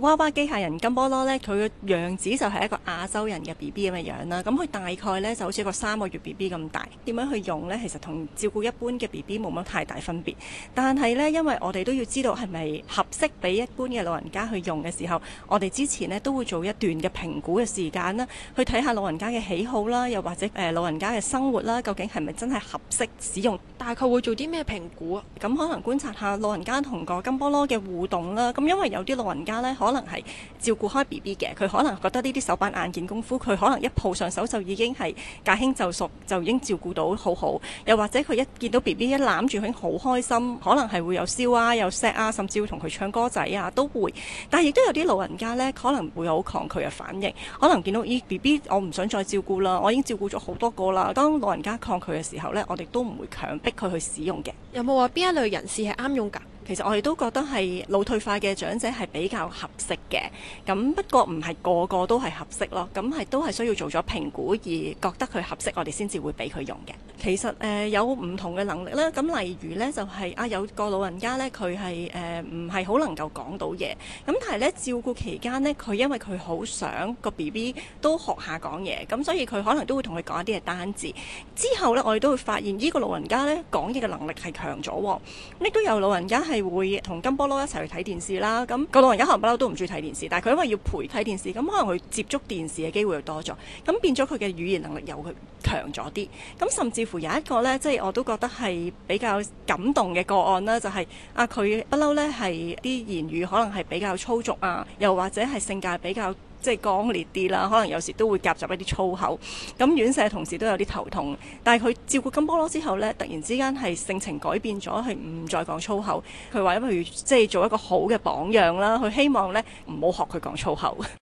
娃娃機械人金叵羅呢，佢嘅樣子就係一個亞洲人嘅 B B 咁嘅樣啦。咁佢大概呢，就好似一個三個月 B B 咁大。點樣去用呢？其實同照顧一般嘅 B B 冇乜太大分別。但係呢，因為我哋都要知道係咪合適俾一般嘅老人家去用嘅時候，我哋之前呢都會做一段嘅評估嘅時間啦，去睇下老人家嘅喜好啦，又或者、呃、老人家嘅生活啦，究竟係咪真係合適使用？大概會做啲咩評估？咁可能觀察下老人家同個金叵羅嘅互動啦。咁因為有啲老人家呢，可能係照顧開 B B 嘅，佢可能覺得呢啲手板眼見功夫，佢可能一抱上手就已經係駕輕就熟，就已經照顧到好好。又或者佢一見到 B B 一攬住已經好開心，可能係會有笑啊，有錫啊，甚至會同佢唱歌仔啊，都會。但係亦都有啲老人家呢，可能會有抗拒嘅反應。可能見到咦，B B，我唔想再照顧啦，我已經照顧咗好多個啦。當老人家抗拒嘅時候呢，我哋都唔會強迫佢去使用嘅。有冇話邊一類人士係啱用噶？其實我哋都覺得係腦退化嘅長者係比較合適嘅，咁不過唔係個個都係合適咯，咁係都係需要做咗評估而覺得佢合適，我哋先至會俾佢用嘅。其實誒有唔同嘅能力啦。咁例如呢，就係啊有個老人家呢，佢係誒唔係好能夠講到嘢，咁但係呢，照顧期間呢，佢因為佢好想個 B B 都學下講嘢，咁所以佢可能都會同佢講一啲嘅單字。之後呢，我哋都會發現呢個老人家呢，講嘢嘅能力係強咗喎，亦都有老人家係會同金叵羅一齊去睇電視啦。咁個老人家可能不嬲都唔中意睇電視，但佢因為要陪睇電視，咁可能佢接觸電視嘅機會又多咗，咁變咗佢嘅語言能力又強咗啲，咁甚至乎有一個咧，即係我都覺得係比較感動嘅個案啦，就係啊佢不嬲咧，係啲言語可能係比較粗俗啊，又或者係性格比較即係剛烈啲啦，可能有時都會夾雜一啲粗口。咁院舍同事都有啲頭痛，但係佢照顧金叵羅之後咧，突然之間係性情改變咗，係唔再講粗口。佢話不如即係做一個好嘅榜樣啦，佢希望咧唔好學佢講粗口。